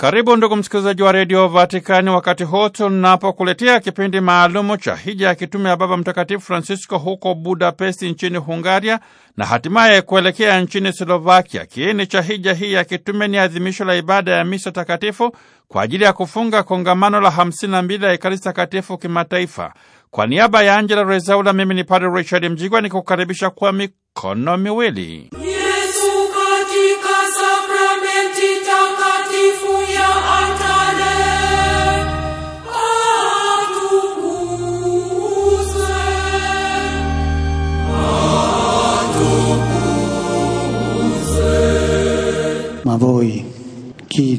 Karibu ndugu msikilizaji wa redio Vatikani, wakati huu tunapokuletea kipindi maalumu cha hija ya kitume ya Baba Mtakatifu Francisco huko Budapesti nchini Hungaria na hatimaye kuelekea nchini Slovakia. Kiini cha hija hii ya kitume ni adhimisho la ibada ya misa takatifu kwa ajili ya kufunga kongamano la 52 la Ekaristi Takatifu kimataifa. Kwa niaba ya Angela Rezaula, mimi ni Padre Richard Mjigwa ni kukaribisha kwa mikono miwili.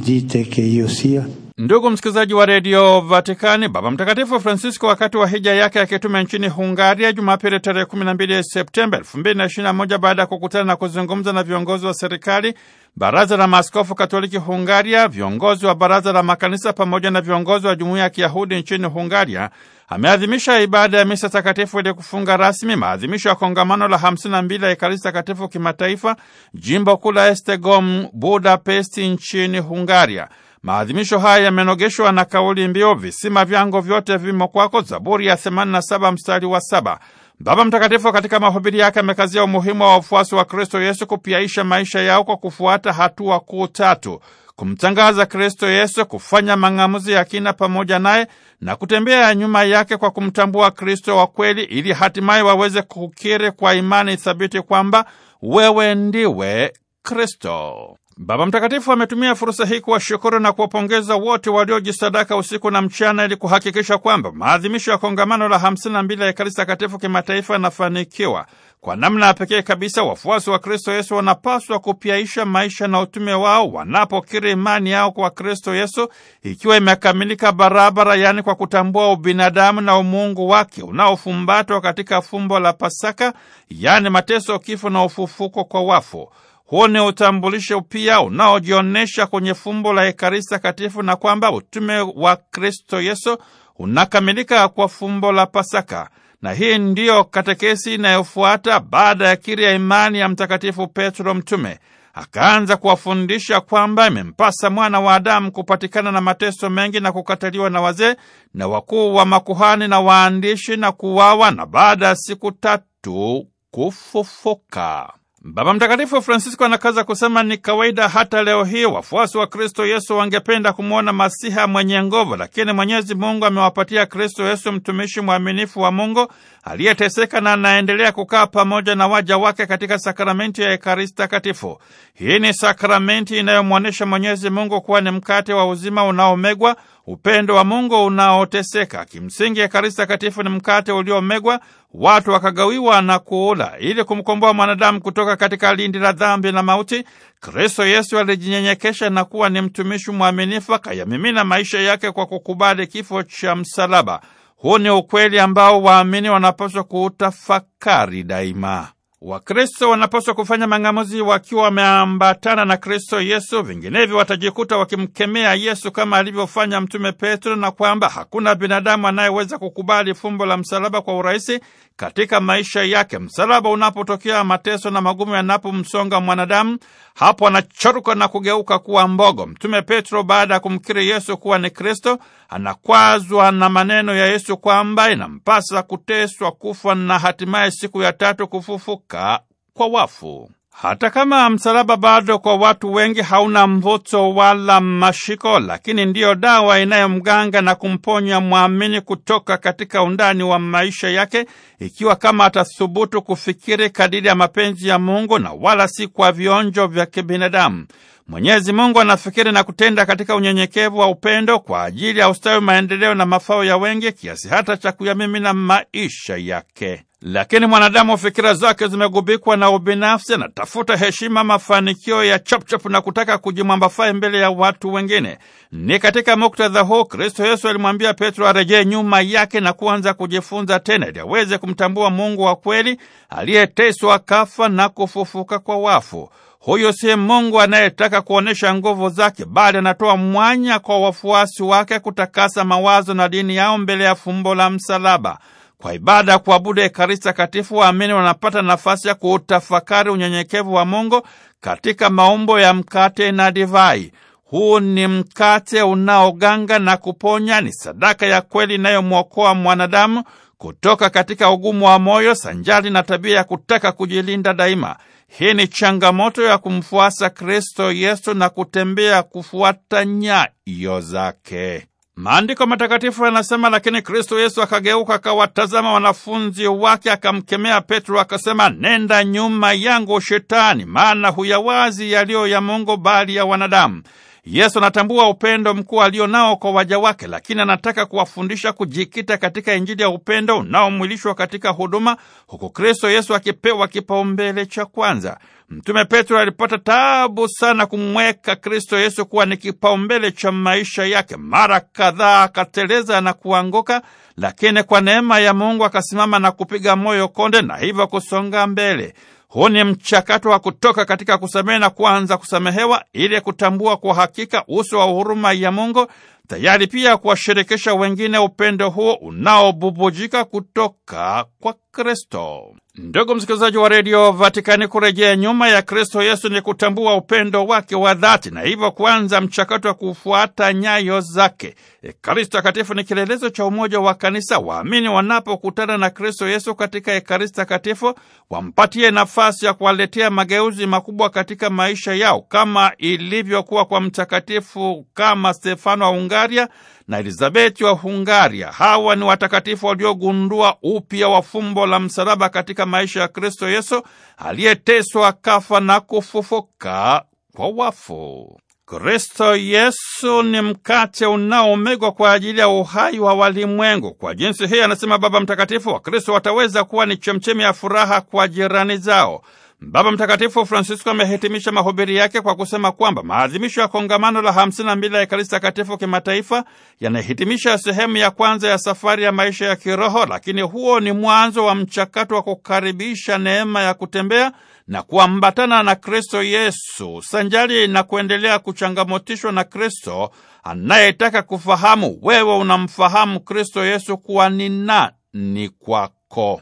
jite che io sia Ndugu msikilizaji wa redio Vatikani, Baba Mtakatifu Francisco wakati wa hija yake kitume nchini Hungaria Jumapili tarehe 12 Septemba 2021 baada ya kukutana na kuzungumza na viongozi wa serikali, baraza la maaskofu katoliki Hungaria, viongozi wa baraza la makanisa pamoja na viongozi wa jumuiya ya kiyahudi nchini Hungaria ameadhimisha ibada ya misa takatifu ili kufunga rasmi maadhimisho ya kongamano la 52 la Ekaristi Takatifu kimataifa jimbo kuu la Estegom, Budapesti nchini Hungaria. Maadhimisho haya yamenogeshwa na kauli mbiu visima vyangu vyote vimo kwako, Zaburi ya 87 mstari wa saba. Baba Mtakatifu katika mahubiri yake amekazia umuhimu wa wafuasi wa Kristo Yesu kupiaisha maisha yao kwa kufuata hatua kuu tatu: kumtangaza Kristo Yesu, kufanya mang'amuzi ya kina pamoja naye na kutembea nyuma yake kwa kumtambua Kristo wa kweli, ili hatimaye waweze kukiri kwa imani thabiti kwamba wewe ndiwe Kristo. Baba Mtakatifu ametumia fursa hii kuwashukuru na kuwapongeza wote waliojisadaka usiku na mchana ili kuhakikisha kwamba maadhimisho ya kongamano la 52 la Ekaristi Takatifu kimataifa yanafanikiwa. Kwa namna ya pekee kabisa, wafuasi wa Kristo Yesu wanapaswa kupiaisha maisha na utume wao wanapokiri imani yao kwa Kristo Yesu ikiwa imekamilika barabara, yaani kwa kutambua ubinadamu na umuungu wake unaofumbatwa katika fumbo la Pasaka, yaani mateso, kifo na ufufuko kwa wafu. Huu ni utambulisho pia unaojionyesha kwenye fumbo la Ekaristi Takatifu na kwamba utume wa Kristo Yesu unakamilika kwa fumbo la Pasaka. Na hii ndiyo katekesi inayofuata baada ya kiri ya imani ya Mtakatifu Petro Mtume. Akaanza kuwafundisha kwamba imempasa mwana wa Adamu kupatikana na mateso mengi na kukataliwa na wazee na wakuu wa makuhani na waandishi na kuwawa na baada ya siku tatu kufufuka. Baba Mtakatifu Francisco anakaza kusema ni kawaida hata leo hii wafuasi wa Kristo Yesu wangependa kumwona masiha mwenye nguvu, lakini Mwenyezi Mungu amewapatia Kristo Yesu mtumishi mwaminifu wa Mungu aliyeteseka na anaendelea kukaa pamoja na waja wake katika sakramenti ya Ekaristi Takatifu. Hii ni sakramenti inayomwonyesha Mwenyezi Mungu kuwa ni mkate wa uzima unaomegwa upendo wa Mungu unaoteseka. Kimsingi, Ekaristi Takatifu ni mkate uliomegwa, watu wakagawiwa na kuula. Ili kumkomboa mwanadamu kutoka katika lindi la dhambi na mauti, Kristo Yesu alijinyenyekesha na kuwa ni mtumishi mwaminifu, akayamimina maisha yake kwa kukubali kifo cha msalaba. Huu ni ukweli ambao waamini wanapaswa kuutafakari daima. Wakristo wanapaswa kufanya mang'amuzi wakiwa wameambatana na Kristo Yesu, vinginevyo watajikuta wakimkemea Yesu kama alivyofanya Mtume Petro, na kwamba hakuna binadamu anayeweza kukubali fumbo la msalaba kwa urahisi katika maisha yake. Msalaba unapotokea, mateso na magumu yanapomsonga mwanadamu, hapo anachoruka na kugeuka kuwa mbogo. Mtume Petro, baada ya kumkiri Yesu kuwa ni Kristo, anakwazwa na maneno ya Yesu kwamba inampasa kuteswa, kufa na hatimaye siku ya tatu kufufuka kufufuka kwa wafu. Hata kama msalaba bado kwa watu wengi hauna mvuto wala mashiko, lakini ndiyo dawa inayomganga na kumponya mwamini kutoka katika undani wa maisha yake, ikiwa kama atathubutu kufikiri kadiri ya mapenzi ya Mungu na wala si kwa vionjo vya kibinadamu. Mwenyezi Mungu anafikiri na kutenda katika unyenyekevu wa upendo kwa ajili ya ustawi, maendeleo na mafao ya wengi, kiasi hata cha kuyamimina maisha yake lakini mwanadamu fikira zake zimegubikwa na ubinafsi, anatafuta heshima, mafanikio ya chapchap na kutaka kujimwambafai mbele ya watu wengine. Ni katika muktadha huu Kristo Yesu alimwambia Petro arejee nyuma yake na kuanza kujifunza tena ili aweze kumtambua Mungu wa kweli aliyeteswa, kafa na kufufuka kwa wafu. Huyu si Mungu anayetaka kuonyesha nguvu zake, bali anatoa mwanya kwa wafuasi wake kutakasa mawazo na dini yao mbele ya fumbo la msalaba. Kwa ibada ya kuabudu Ekaristi Takatifu, waamini wanapata nafasi ya kuutafakari unyenyekevu wa Mungu katika maumbo ya mkate na divai. Huu ni mkate unaoganga na kuponya, ni sadaka ya kweli inayomwokoa mwanadamu kutoka katika ugumu wa moyo sanjali na tabia ya kutaka kujilinda daima. Hii ni changamoto ya kumfuasa Kristo Yesu na kutembea kufuata nyayo zake. Maandiko matakatifu yanasema, lakini Kristo Yesu akageuka akawatazama wanafunzi wake, akamkemea Petro akasema, nenda nyuma yangu Shetani, maana huyawazi yaliyo ya Mungu bali ya wanadamu. Yesu anatambua upendo mkuu alio nao kwa waja wake, lakini anataka kuwafundisha kujikita katika injili ya upendo unaomwilishwa katika huduma, huku Kristo Yesu akipewa kipaumbele cha kwanza. Mtume Petro alipata tabu sana kumweka Kristo Yesu kuwa ni kipaumbele cha maisha yake. Mara kadhaa akateleza na kuanguka, lakini kwa neema ya Mungu akasimama na kupiga moyo konde na hivyo kusonga mbele. Huu ni mchakato wa kutoka katika kusamehe na kuanza kusamehewa, ili kutambua kwa hakika uso wa huruma ya Mungu, tayari pia kuwashirikisha wengine upendo huo unaobubujika kutoka kwa Kristo. Ndugu msikilizaji wa redio Vatikani, kurejea nyuma ya Kristo Yesu ni kutambua upendo wake wa dhati na hivyo kuanza mchakato wa kufuata nyayo zake. Ekaristi Takatifu ni kielelezo cha umoja wa kanisa. Waamini wanapokutana na Kristo Yesu katika Ekaristi Takatifu, wampatie nafasi ya kuwaletea mageuzi makubwa katika maisha yao, kama ilivyokuwa kwa mtakatifu kama Stefano wa Ungaria na Elizabeti wa Hungaria. Hawa ni watakatifu waliogundua upya wa fumbo la msalaba katika maisha ya Kristo Yesu aliyeteswa, kafa na kufufuka kwa wafu. Kristo Yesu ni mkate unaomegwa kwa ajili ya uhai wa walimwengu. Kwa jinsi hii, anasema Baba Mtakatifu, Wakristo wataweza kuwa ni chemchemi ya furaha kwa jirani zao. Baba Mtakatifu Francisco amehitimisha mahubiri yake kwa kusema kwamba maadhimisho ya kongamano la 52 la Ekaristi Takatifu kimataifa yanahitimisha sehemu ya kwanza ya safari ya maisha ya kiroho, lakini huo ni mwanzo wa mchakato wa kukaribisha neema ya kutembea na kuambatana na Kristo Yesu sanjali na kuendelea kuchangamotishwa na Kristo anayetaka kufahamu wewe unamfahamu Kristo Yesu kuwa ni nani kwako.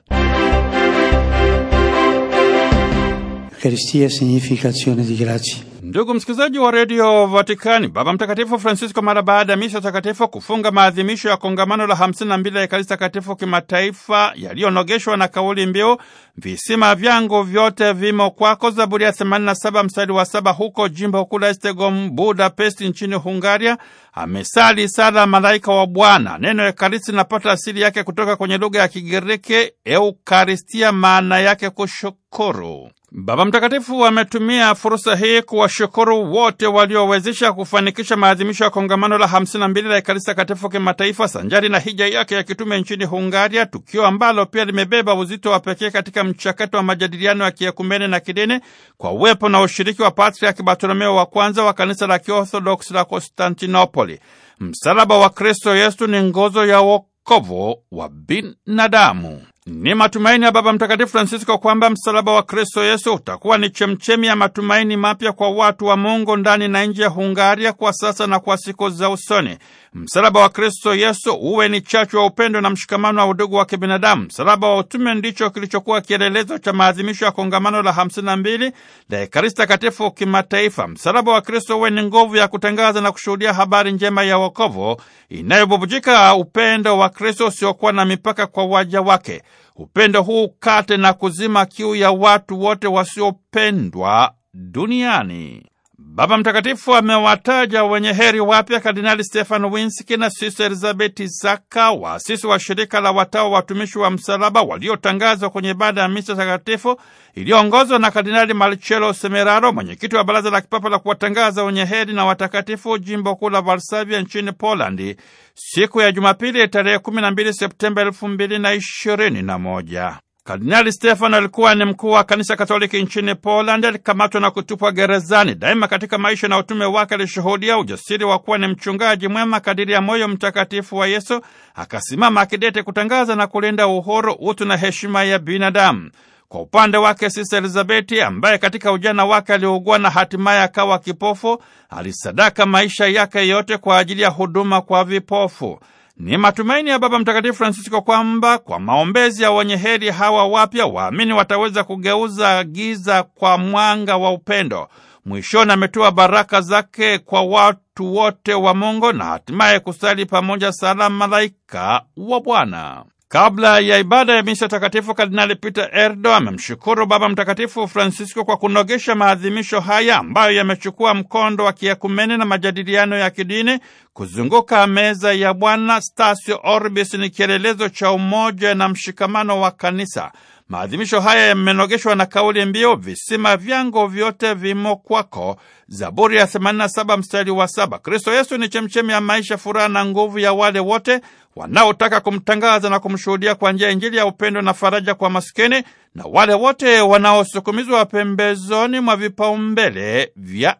Eucharistia significa azione di grazia. Ndugu msikilizaji wa redio Vatikani, Baba Mtakatifu Francisco mara baada ya misa takatifu kufunga maadhimisho ya kongamano la 52 la Ekaristi Takatifu kimataifa yaliyonogeshwa na kauli mbiu visima vyangu vyote vimo kwako, Zaburi ya 87 mstari wa saba, huko jimbo kuu la Estegom Budapest nchini Hungaria, amesali sala malaika wa Bwana. Neno Ekaristi linapata asili yake kutoka kwenye lugha ya Kigiriki eukaristia, maana yake kushukuru. Baba Mtakatifu ametumia fursa hii kuwashukuru wote waliowezesha kufanikisha maadhimisho ya kongamano la 52 la Ekaristi Takatifu kimataifa sanjari na hija yake ya kitume nchini Hungaria, tukio ambalo pia limebeba uzito wa pekee katika mchakato wa majadiliano ya kiekumene na kidini kwa uwepo na ushiriki wa Patriaki Bartolomeo wa kwanza wa kanisa la Kiorthodoksi la Konstantinopoli. Msalaba wa Kristo Yesu ni ngozo ya wokovu wa binadamu. Ni matumaini ya Baba Mtakatifu Francisco kwamba msalaba wa Kristo Yesu utakuwa ni chemchemi ya matumaini mapya kwa watu wa Mungu ndani na nje ya Hungaria kwa sasa na kwa siku za usoni. Msalaba wa Kristo Yesu uwe ni chachu wa upendo na mshikamano wa udugu wa kibinadamu. Msalaba wa utume ndicho kilichokuwa kielelezo cha maadhimisho ya kongamano la 52 la Ekaristi Takatifu kimataifa. Msalaba wa Kristo uwe ni nguvu ya kutangaza na kushuhudia habari njema ya wokovu inayobubujika upendo wa Kristo usiokuwa na mipaka kwa waja wake. Upendo huu kate na kuzima kiu ya watu wote wasiopendwa duniani. Baba Mtakatifu amewataja wenye heri wapya Kardinali Stefan Winski na Sisi Elizabeti Zaka, waasisi wa shirika la watawa watumishi wa msalaba, waliotangazwa kwenye ibada ya misa takatifu iliyoongozwa na Kardinali Marcello Semeraro, mwenyekiti wa Baraza la Kipapa la kuwatangaza wenye heri na watakatifu, jimbo kuu la Varsavia nchini Polandi, siku ya Jumapili tarehe 12 Septemba 2021. Kardinali Stefano alikuwa ni mkuu wa kanisa Katoliki nchini Poland. Alikamatwa na kutupwa gerezani. Daima katika maisha na utume wake alishuhudia ujasiri wa kuwa ni mchungaji mwema kadiri ya moyo mtakatifu wa Yesu. Akasimama akidete kutangaza na kulinda uhuru, utu na heshima ya binadamu. Kwa upande wake sisa Elizabeti, ambaye katika ujana wake aliugua na hatimaye akawa kipofu, alisadaka maisha yake yote kwa ajili ya huduma kwa vipofu. Ni matumaini ya Baba Mtakatifu Francisco kwamba kwa maombezi ya wenye heri hawa wapya waamini wataweza kugeuza giza kwa mwanga wa upendo. Mwishoni ametoa baraka zake kwa watu wote wa Mungu na hatimaye kusali pamoja sala malaika wa Bwana. Kabla ya ibada ya misa takatifu, Kardinali Peter Erdo amemshukuru Baba Mtakatifu Francisco kwa kunogesha maadhimisho haya ambayo yamechukua mkondo wa kiakumene na majadiliano ya kidini kuzunguka meza ya Bwana. Stasio Orbis ni kielelezo cha umoja na mshikamano wa kanisa. Maadhimisho haya yamenogeshwa na kauli mbiu visima vyangu vyote vimo kwako, Zaburi ya 87 mstari wa saba. Kristo Yesu ni chemchemi ya maisha, furaha na nguvu ya wale wote wanaotaka kumtangaza na kumshuhudia kwa njia ya Injili ya upendo na faraja kwa maskini na wale wote wanaosukumizwa pembezoni mwa vipaumbele vya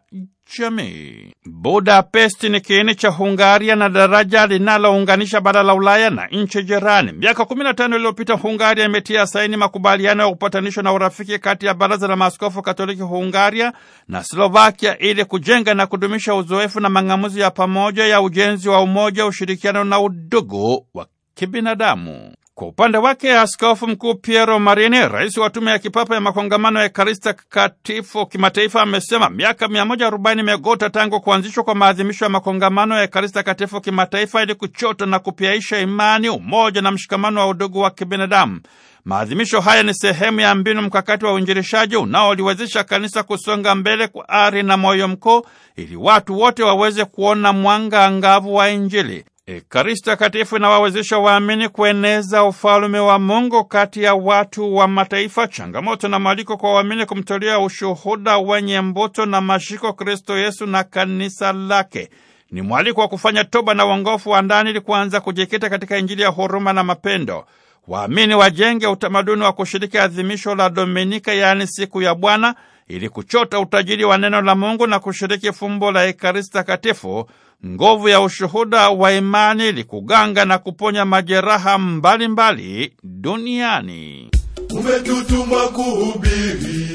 kijamii. Budapesti ni kiini cha Hungaria na daraja linalounganisha bara la Ulaya na nchi jirani. Miaka 15 iliyopita, Hungaria imetia saini makubaliano ya upatanisho na urafiki kati ya Baraza la Maaskofu Katoliki Hungaria na Slovakia ili kujenga na kudumisha uzoefu na mang'amuzi ya pamoja ya ujenzi wa umoja, ushirikiano na udugu wa kibinadamu. Kwa upande wake Askofu Mkuu Piero Marini, rais wa Tume ya Kipapa ya Makongamano ya Ekaristi Takatifu Kimataifa, amesema miaka 140 imegota tangu kuanzishwa kwa maadhimisho ya makongamano ya Ekaristi Takatifu Kimataifa ili kuchota na kupiaisha imani, umoja na mshikamano wa udugu wa kibinadamu. Maadhimisho haya ni sehemu ya mbinu mkakati wa uinjilishaji unaoliwezesha kanisa kusonga mbele kwa ari na moyo mkuu, ili watu wote waweze kuona mwanga angavu wa Injili. Ekaristi Takatifu inawawezesha waamini kueneza ufalume wa Mungu kati ya watu wa mataifa. Changamoto na mwaliko kwa waamini kumtolea ushuhuda wenye mbuto na mashiko Kristo Yesu na kanisa lake ni mwaliko wa kufanya toba na uongofu wa ndani ili kuanza kujikita katika Injili ya huruma na mapendo. Waamini wajenge utamaduni wa kushiriki adhimisho la Dominika, yaani siku ya Bwana ili kuchota utajiri wa neno la Mungu na kushiriki fumbo la Ekaristi Takatifu, nguvu ya ushuhuda wa imani ili kuganga na kuponya majeraha mbalimbali mbali duniani. Umetutuma kuhubiri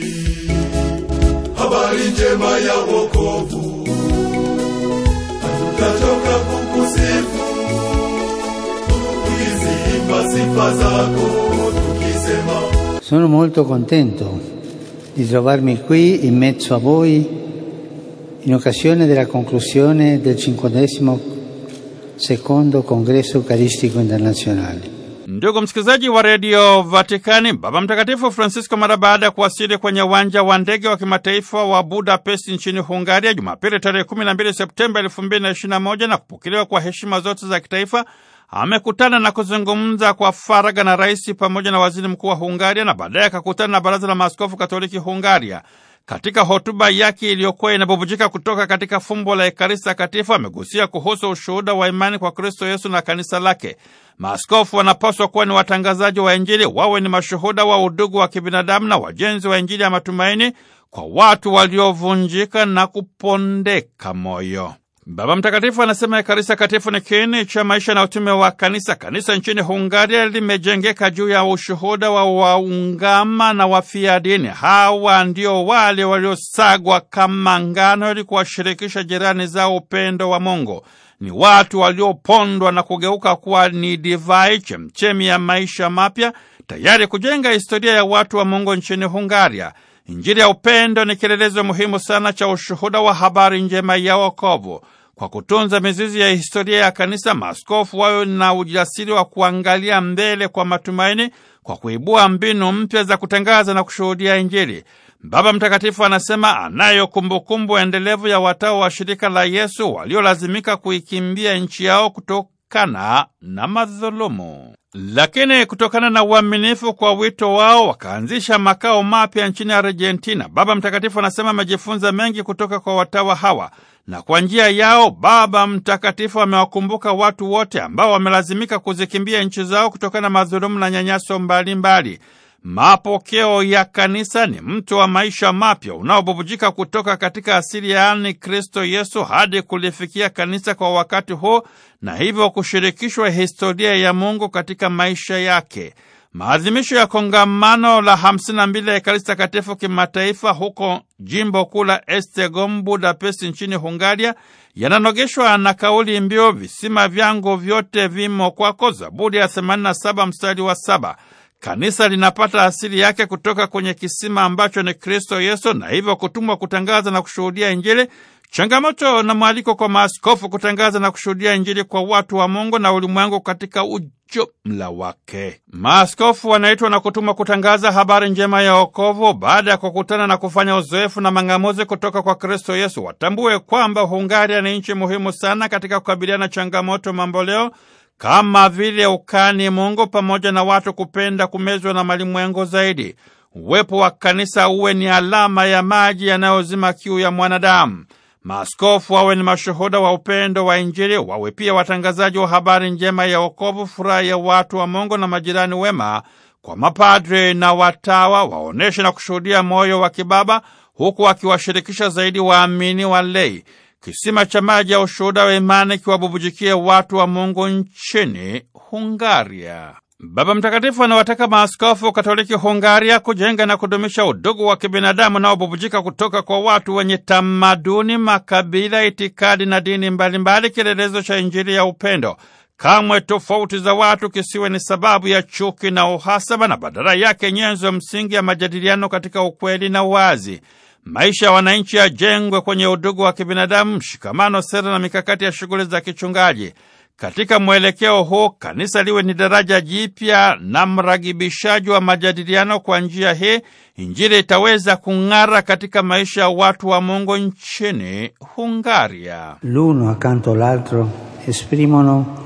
habari njema ya wokovu, hatutachoka kukusifu tukiziimba sifa zako tukisema, sono molto contento di trovarmi qui in mezzo a voi in occasione della conclusione del 52 secondo congresso eucaristico internazionale. Ndugu msikilizaji wa redio Vatikani, Baba Mtakatifu Francisco mara baada ya kuwasili kwenye uwanja wa ndege wa kimataifa wa Budapest nchini Hungaria Jumapili tarehe 12 Septemba 2021 na kupokelewa kwa heshima zote za kitaifa amekutana na kuzungumza kwa faraga na rais pamoja na waziri mkuu wa Hungaria na baadaye akakutana na baraza la maaskofu katoliki Hungaria. Katika hotuba yake iliyokuwa inabubujika kutoka katika fumbo la Ekaristi Takatifu amegusia kuhusu ushuhuda wa imani kwa Kristo Yesu na kanisa lake. Maaskofu wanapaswa kuwa ni watangazaji wa Injili, wawe ni mashuhuda wa udugu wa kibinadamu na wajenzi wa Injili ya matumaini kwa watu waliovunjika na kupondeka moyo. Baba Mtakatifu anasema Ekaristi Takatifu ni kiini cha maisha na utume wa kanisa. Kanisa nchini Hungaria limejengeka juu ya ushuhuda wa waungama na wafia dini. Hawa ndio wale waliosagwa kama ngano ili kuwashirikisha jirani zao upendo wa Mungu. Ni watu waliopondwa na kugeuka kuwa ni divai, chemchemi ya maisha mapya, tayari kujenga historia ya watu wa Mungu nchini Hungaria. Injili ya upendo ni kielelezo muhimu sana cha ushuhuda wa habari njema ya wokovu. Kwa kutunza mizizi ya historia ya kanisa, maaskofu wawe na ujasiri wa kuangalia mbele kwa matumaini, kwa kuibua mbinu mpya za kutangaza na kushuhudia Injili. Baba Mtakatifu anasema anayo kumbukumbu endelevu ya watao wa shirika la Yesu waliolazimika kuikimbia nchi yao kutoka kutokana na madhulumu. Lakini kutokana na uaminifu kwa wito wao wakaanzisha makao mapya nchini Argentina. Baba Mtakatifu anasema amejifunza mengi kutoka kwa watawa hawa, na kwa njia yao Baba Mtakatifu amewakumbuka watu wote ambao wamelazimika kuzikimbia nchi zao kutokana na madhulumu na nyanyaso mbalimbali mbali. Mapokeo ya kanisa ni mto wa maisha mapya unaobubujika kutoka katika asili yaani Kristo Yesu hadi kulifikia kanisa kwa wakati huu na hivyo kushirikishwa historia ya Mungu katika maisha yake. Maadhimisho ya kongamano la 52 la Ekaristi Takatifu kimataifa huko jimbo kuu la Esztergom Budapest nchini Hungaria yananogeshwa na kauli mbiu visima vyangu vyote vimo kwako, Zaburi ya 87 mstari wa saba. Kanisa linapata asili yake kutoka kwenye kisima ambacho ni Kristo Yesu, na hivyo kutumwa kutangaza na kushuhudia Injili. Changamoto na mwaliko kwa maaskofu kutangaza na kushuhudia Injili kwa watu wa Mungu na ulimwengu katika ujumla wake. Maaskofu wanaitwa na kutumwa kutangaza habari njema ya wokovu. Baada ya kukutana na kufanya uzoefu na mang'amuzi kutoka kwa Kristo Yesu, watambue kwamba Hungaria ni nchi muhimu sana katika kukabiliana changamoto mamboleo kama vile ukani Mungu pamoja na watu kupenda kumezwa na malimwengo zaidi. Uwepo wa kanisa uwe ni alama ya maji yanayozima kiu ya mwanadamu. Maaskofu wawe ni mashuhuda wa upendo wa Injili, wawe pia watangazaji wa habari njema ya wokovu, furaha ya watu wa Mungu na majirani wema. Kwa mapadre na watawa, waoneshe na kushuhudia moyo wa kibaba, huku wakiwashirikisha zaidi waamini wa lei. Kisima cha maji ya ushuhuda wa imani kiwabubujikie watu wa Mungu nchini Hungaria. Baba Mtakatifu anawataka maaskofu Katoliki Hungaria kujenga na kudumisha udugu wa kibinadamu unaobubujika kutoka kwa watu wenye tamaduni, makabila, itikadi na dini mbalimbali, kielelezo cha Injili ya upendo. Kamwe tofauti za watu kisiwe ni sababu ya chuki na uhasama, na badala yake nyenzo msingi ya majadiliano katika ukweli na wazi maisha ya wananchi yajengwe kwenye udugu wa kibinadamu, mshikamano, sera na mikakati ya shughuli za kichungaji. Katika mwelekeo huu, kanisa liwe ni daraja jipya na mragibishaji wa majadiliano. Kwa njia hii, Injili itaweza kung'ara katika maisha ya watu wa Mungu nchini Hungaria. l'uno akanto laltro esprimono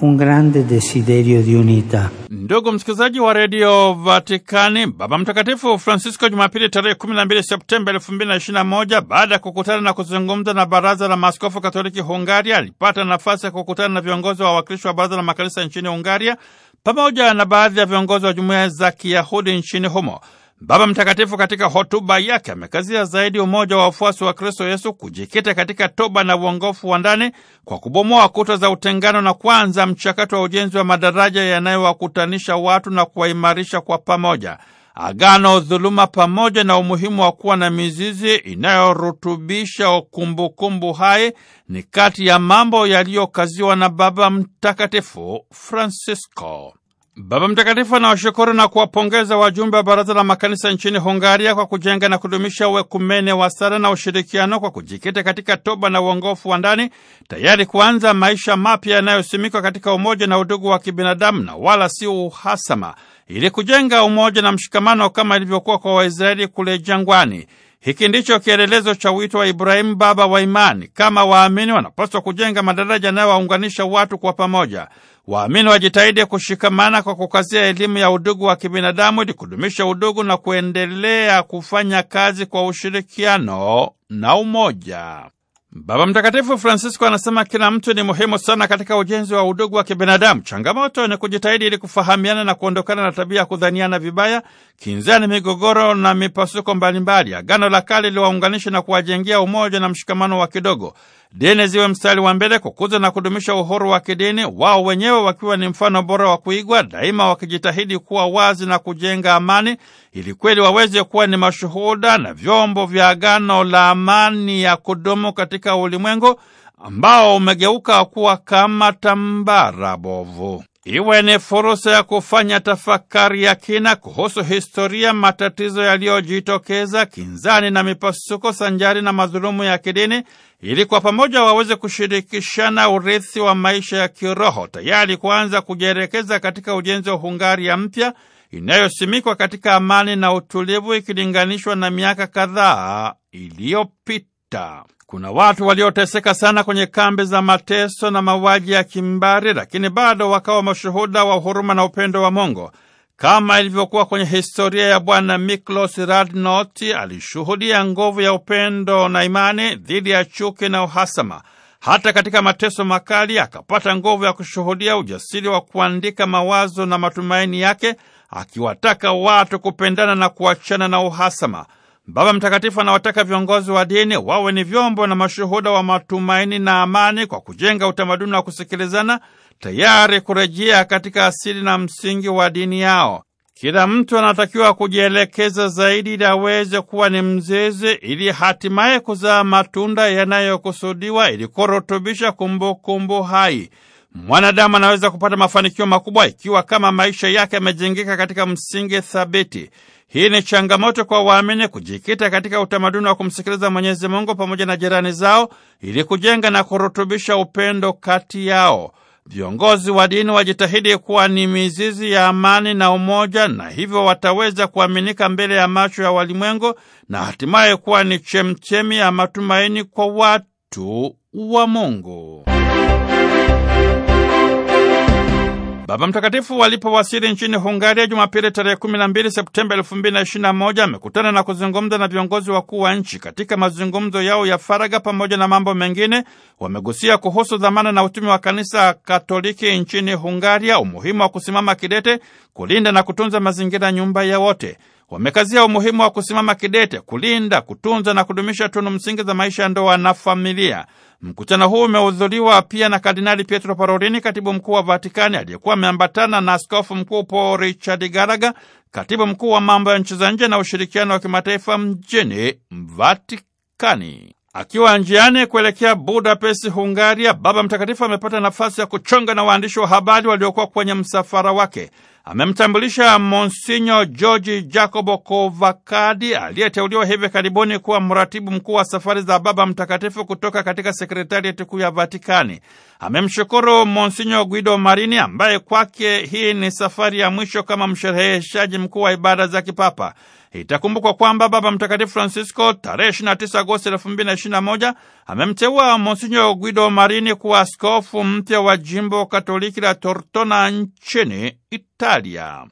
un grande desiderio di unità. Ndugu msikilizaji wa redio Vatikani, Baba Mtakatifu Francisco Jumapili tarehe 12 Septemba 2021, baada ya kukutana na kuzungumza na baraza la maaskofu katoliki Hungaria, alipata nafasi ya kukutana na viongozi wa wawakilishi wa baraza la makanisa nchini Hungaria pamoja na baadhi ya viongozi wa jumuiya za Kiyahudi nchini humo. Baba Mtakatifu katika hotuba yake amekazia zaidi umoja wa wafuasi wa Kristo Yesu, kujikita katika toba na uongofu wa ndani kwa kubomoa kuta za utengano na kwanza mchakato wa ujenzi wa madaraja yanayowakutanisha watu na kuwaimarisha kwa pamoja. Agano dhuluma pamoja na umuhimu wa kuwa na mizizi inayorutubisha kumbukumbu hai ni kati ya mambo yaliyokaziwa na Baba Mtakatifu Francisco. Baba Mtakatifu anawashukuru na kuwapongeza wajumbe wa Baraza la Makanisa nchini Hungaria kwa kujenga na kudumisha uekumene wa sala na ushirikiano kwa kujikita katika toba na uongofu wa ndani, tayari kuanza maisha mapya yanayosimikwa katika umoja na udugu wa kibinadamu na wala si uhasama, ili kujenga umoja na mshikamano kama ilivyokuwa kwa Waisraeli kule jangwani. Hiki ndicho kielelezo cha wito wa Ibrahimu, baba wa imani. Kama waamini wanapaswa kujenga madaraja yanayowaunganisha watu kwa pamoja. Waamini wajitahidi kushikamana kwa kukazia elimu ya udugu wa kibinadamu ili kudumisha udugu na kuendelea kufanya kazi kwa ushirikiano na umoja. Baba Mtakatifu Francisco anasema kila mtu ni muhimu sana katika ujenzi wa udugu wa kibinadamu. Changamoto ni kujitahidi ili kufahamiana na kuondokana na tabia ya kudhaniana vibaya, kinzani, migogoro na mipasuko mbalimbali. Agano la Kale liwaunganisha na kuwajengia umoja na mshikamano wa kidogo dini ziwe mstari wa mbele kukuza na kudumisha uhuru wa kidini, wao wenyewe wakiwa ni mfano bora wa kuigwa daima, wakijitahidi kuwa wazi na kujenga amani, ili kweli waweze kuwa ni mashuhuda na vyombo vya agano la amani ya kudumu katika ulimwengu ambao umegeuka kuwa kama tambara bovu iwe ni fursa ya kufanya tafakari ya kina kuhusu historia, matatizo yaliyojitokeza, kinzani na mipasuko, sanjari na madhulumu ya kidini, ili kwa pamoja waweze kushirikishana urithi wa maisha ya kiroho, tayari kuanza kujielekeza katika ujenzi wa Hungaria mpya inayosimikwa katika amani na utulivu ikilinganishwa na miaka kadhaa iliyopita. Kuna watu walioteseka sana kwenye kambi za mateso na mauaji ya kimbari, lakini bado wakawa mashuhuda wa huruma na upendo wa Mungu, kama ilivyokuwa kwenye historia ya Bwana Miklos radnot Alishuhudia nguvu ya upendo na imani dhidi ya chuki na uhasama. Hata katika mateso makali akapata nguvu ya kushuhudia ujasiri wa kuandika mawazo na matumaini yake, akiwataka watu kupendana na kuachana na uhasama. Baba Mtakatifu anawataka viongozi wa dini wawe ni vyombo na mashuhuda wa matumaini na amani kwa kujenga utamaduni wa kusikilizana, tayari kurejea katika asili na msingi wa dini yao. Kila mtu anatakiwa kujielekeza zaidi ili aweze kuwa ni mzizi, ili hatimaye kuzaa matunda yanayokusudiwa, ili kurutubisha kumbukumbu hai. Mwanadamu anaweza kupata mafanikio makubwa ikiwa kama maisha yake yamejengeka katika msingi thabiti. Hii ni changamoto kwa waamini kujikita katika utamaduni wa kumsikiliza Mwenyezi Mungu pamoja na jirani zao ili kujenga na kurutubisha upendo kati yao. Viongozi wa dini wajitahidi kuwa ni mizizi ya amani na umoja, na hivyo wataweza kuaminika mbele ya macho ya walimwengu na hatimaye kuwa ni chemchemi ya matumaini kwa watu wa Mungu. Baba Mtakatifu wasiri nchini Hungaria Jumapili tarehe 12 Septemba 2021 amekutana na kuzungumza na viongozi wakuu wa nchi. Katika mazungumzo yao ya faraga pamoja na mambo mengine, wamegusia kuhusu dhamana na utumi wa Kanisa Katoliki nchini Hungaria, umuhimu wa kusimama kidete kulinda na kutunza mazingira, nyumba ya wote. Wamekazia umuhimu wa kusimama kidete kulinda, kutunza na kudumisha tunu msingi za maisha ya ndoa na familia. Mkutano huu umehudhuriwa pia na Kardinali Pietro Parolini, katibu mkuu wa Vatikani, aliyekuwa ameambatana na askofu mkuu Paul Richard Garaga, katibu mkuu wa mambo ya nchi za nje na ushirikiano wa kimataifa mjini Vatikani. Akiwa njiani kuelekea Budapest, Hungaria, Baba Mtakatifu amepata nafasi ya kuchonga na waandishi wa habari waliokuwa kwenye msafara wake amemtambulisha Monsinyo George Jacobo Kovakadi aliyeteuliwa hivi karibuni kuwa mratibu mkuu wa safari za Baba Mtakatifu kutoka katika sekretarieti kuu ya Vatikani. Amemshukuru Monsinyo Guido Marini ambaye kwake hii ni safari ya mwisho kama mshereheshaji mkuu wa ibada za kipapa. Itakumbukwa kwamba Baba Mtakatifu Francisco tarehe 29 Agosti 2021 amemteua Monsinyo Guido Marini kuwa askofu mpya wa jimbo Katoliki la Tortona nchini Talia.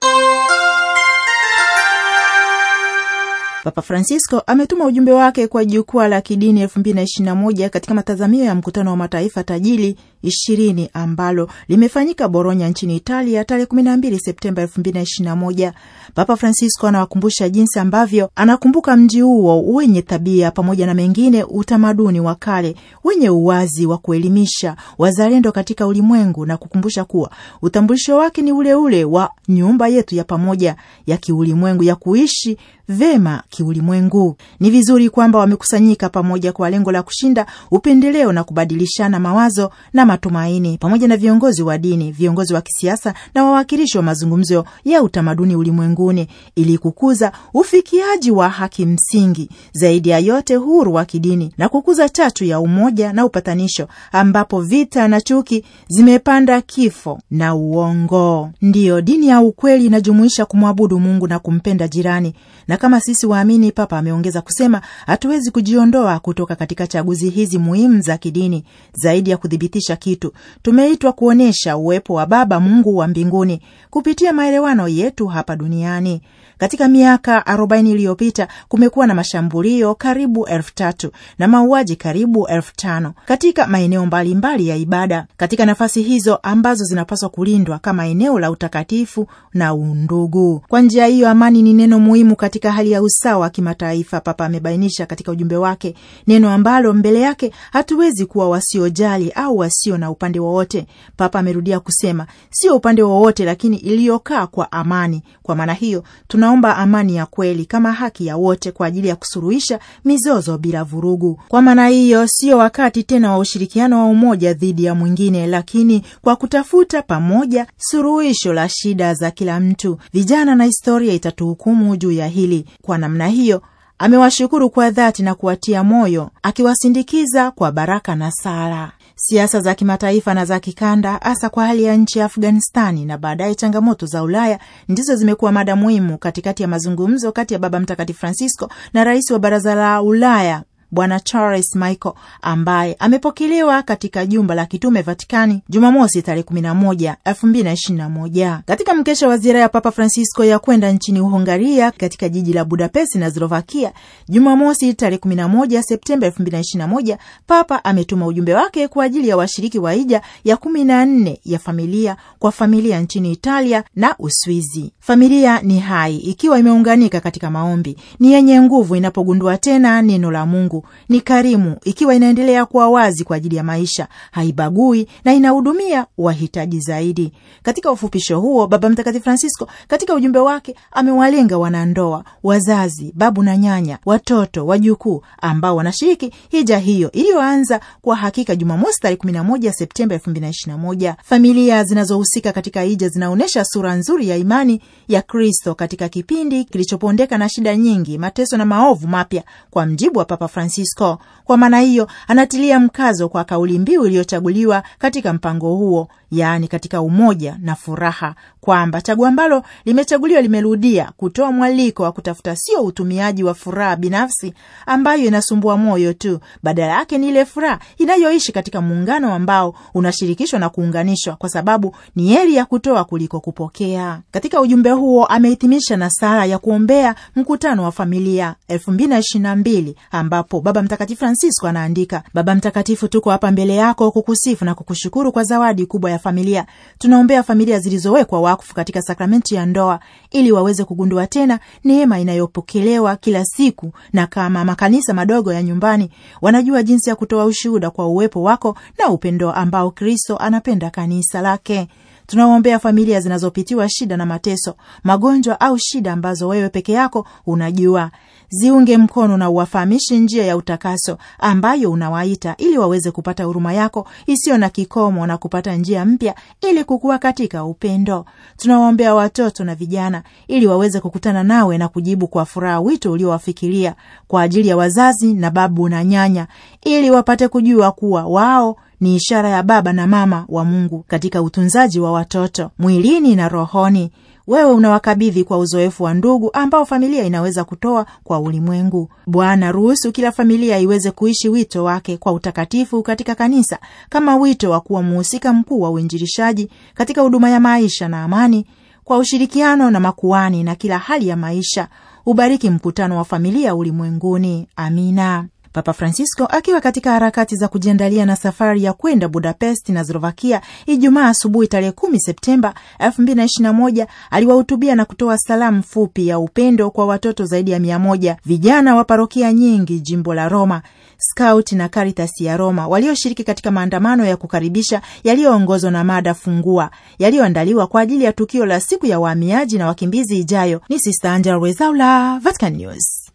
Papa Francisco ametuma ujumbe wake kwa jukwaa la kidini 2021 katika matazamio ya mkutano wa mataifa tajiri 20 ambalo limefanyika Boronya nchini Italia tarehe 12 Septemba 2021. Papa Francisco anawakumbusha jinsi ambavyo anakumbuka mji huo wenye tabia pamoja na mengine utamaduni wa kale wenye uwazi wa kuelimisha wazalendo katika ulimwengu na kukumbusha kuwa utambulisho wake ni uleule ule wa nyumba yetu ya pamoja ya kiulimwengu ya kuishi vema kiulimwengu. Ni vizuri kwamba wamekusanyika pamoja kwa lengo la kushinda upendeleo na kubadilishana mawazo na matumaini, pamoja na viongozi wa dini, viongozi wa kisiasa na wawakilishi wa mazungumzo ya utamaduni ulimwenguni, ili kukuza ufikiaji wa haki msingi, zaidi ya yote huru wa kidini, na kukuza chachu ya umoja na upatanisho, ambapo vita na chuki zimepanda kifo na uongo. Ndiyo dini ya ukweli inajumuisha kumwabudu Mungu na kumpenda jirani na na kama sisi waamini, Papa ameongeza kusema, hatuwezi kujiondoa kutoka katika chaguzi hizi muhimu za kidini. Zaidi ya kuthibitisha kitu, tumeitwa kuonyesha uwepo wa Baba Mungu wa mbinguni kupitia maelewano yetu hapa duniani. Katika miaka 40 iliyopita kumekuwa na mashambulio karibu elfu tatu na mauaji karibu elfu tano katika maeneo mbalimbali ya ibada, katika nafasi hizo ambazo zinapaswa kulindwa kama eneo la utakatifu na undugu. Kwa njia hiyo, amani ni neno muhimu katika hali ya usawa wa kimataifa, Papa amebainisha katika ujumbe wake, neno ambalo mbele yake hatuwezi kuwa wasiojali au wasio na upande wowote. Papa amerudia kusema, sio upande wowote, lakini iliyokaa kwa amani. Kwa maana hiyo tuna tunaomba amani ya kweli kama haki ya wote kwa ajili ya kusuluhisha mizozo bila vurugu. Kwa maana hiyo, sio wakati tena wa ushirikiano wa umoja dhidi ya mwingine, lakini kwa kutafuta pamoja suluhisho la shida za kila mtu. Vijana na historia itatuhukumu juu ya hili. Kwa namna hiyo amewashukuru kwa dhati na kuwatia moyo, akiwasindikiza kwa baraka na sala siasa za kimataifa na za kikanda, hasa kwa hali ya nchi ya Afghanistani na baadaye changamoto za Ulaya ndizo zimekuwa mada muhimu katikati ya mazungumzo kati ya Baba Mtakatifu Francisco na rais wa Baraza la Ulaya Bwana Charles Michael ambaye amepokelewa katika jumba la kitume Vatikani Jumamosi tarehe 11 2021 katika mkesha wa ziara ya Papa Francisco ya kwenda nchini Hungaria katika jiji la Budapest na Slovakia Jumamosi tarehe 11 Septemba 2021. Papa ametuma ujumbe wake kwa ajili ya washiriki wa hija ya 14 ya familia kwa familia nchini Italia na Uswizi. Familia ni hai ikiwa imeunganika katika maombi, ni yenye nguvu inapogundua tena neno la Mungu ni karimu, ikiwa inaendelea kuwa wazi kwa ajili ya maisha, haibagui na inahudumia wahitaji zaidi. Katika ufupisho huo, Baba Mtakatifu Francisco katika ujumbe wake amewalenga wanandoa, wazazi, babu na nyanya, watoto, wajukuu ambao wanashiriki hija hiyo iliyoanza kwa hakika Jumamosi tarehe 11 Septemba 2021. Familia zinazohusika katika hija zinaonyesha sura nzuri ya imani ya Kristo katika kipindi kilichopondeka na shida nyingi, mateso na maovu mapya, kwa mjibu wa Papa Francisco Francisco. Kwa maana hiyo, anatilia mkazo kwa kauli mbiu iliyochaguliwa katika mpango huo yaani katika umoja na furaha, kwamba chaguo ambalo limechaguliwa limerudia kutoa mwaliko wa kutafuta sio utumiaji wa furaha binafsi ambayo inasumbua moyo tu, badala yake ni ile furaha inayoishi katika muungano ambao unashirikishwa na kuunganishwa, kwa sababu ni heri ya kutoa kuliko kupokea. Katika ujumbe huo amehitimisha na sala ya kuombea mkutano wa familia 2022 ambapo Baba Mtakatifu Francisco anaandika: Baba Mtakatifu, tuko hapa mbele yako kukusifu na kukushukuru kwa zawadi kubwa ya familia. Tunaombea familia zilizowekwa wakfu katika sakramenti ya ndoa ili waweze kugundua tena neema inayopokelewa kila siku, na kama makanisa madogo ya nyumbani wanajua jinsi ya kutoa ushuhuda kwa uwepo wako na upendo ambao Kristo anapenda kanisa lake. Tunawaombea familia zinazopitiwa shida na mateso, magonjwa au shida ambazo wewe peke yako unajua ziunge mkono na uwafahamishi njia ya utakaso ambayo unawaita ili waweze kupata huruma yako isiyo na kikomo na kupata njia mpya ili kukua katika upendo. Tunawaombea watoto na vijana ili waweze kukutana nawe na kujibu kwa furaha wito uliowafikiria kwa ajili ya wazazi na babu na nyanya, ili wapate kujua kuwa wao ni ishara ya baba na mama wa Mungu katika utunzaji wa watoto mwilini na rohoni wewe unawakabidhi kwa uzoefu wa ndugu ambao familia inaweza kutoa kwa ulimwengu. Bwana, ruhusu kila familia iweze kuishi wito wake kwa utakatifu katika kanisa kama wito wa kuwa mhusika mkuu wa uinjilishaji katika huduma ya maisha na amani, kwa ushirikiano na makuani na kila hali ya maisha. Ubariki mkutano wa familia ulimwenguni. Amina. Papa Francisco akiwa katika harakati za kujiandalia na safari ya kwenda Budapest na Slovakia Ijumaa asubuhi tarehe 10 Septemba 2021 aliwahutubia na kutoa salamu fupi ya upendo kwa watoto zaidi ya mia moja vijana wa parokia nyingi jimbo la Roma Scout na Caritas ya Roma walioshiriki katika maandamano ya kukaribisha yaliyoongozwa na mada fungua yaliyoandaliwa kwa ajili ya tukio la siku ya wahamiaji na wakimbizi ijayo. Ni Sister Angela Rwezaula, Vatican News.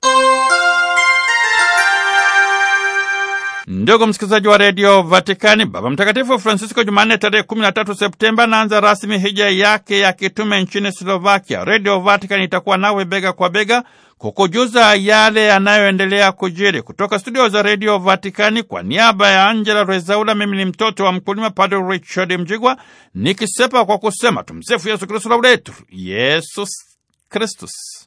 Ndugu msikilizaji wa redio Vatikani, Baba Mtakatifu Francisco Jumanne tarehe 13 Septemba anaanza rasmi hija yake ya kitume nchini Slovakia. Redio Vatikani itakuwa nawe bega kwa bega kukujuza yale yanayoendelea kujiri kutoka studio za redio Vatikani. Kwa niaba ya Angela Rezaula, mimi ni mtoto wa mkulima Padre Richard Mjigwa nikisepa kwa kusema tumsifu Yesu Kristu, lauletu Yesus Kristus.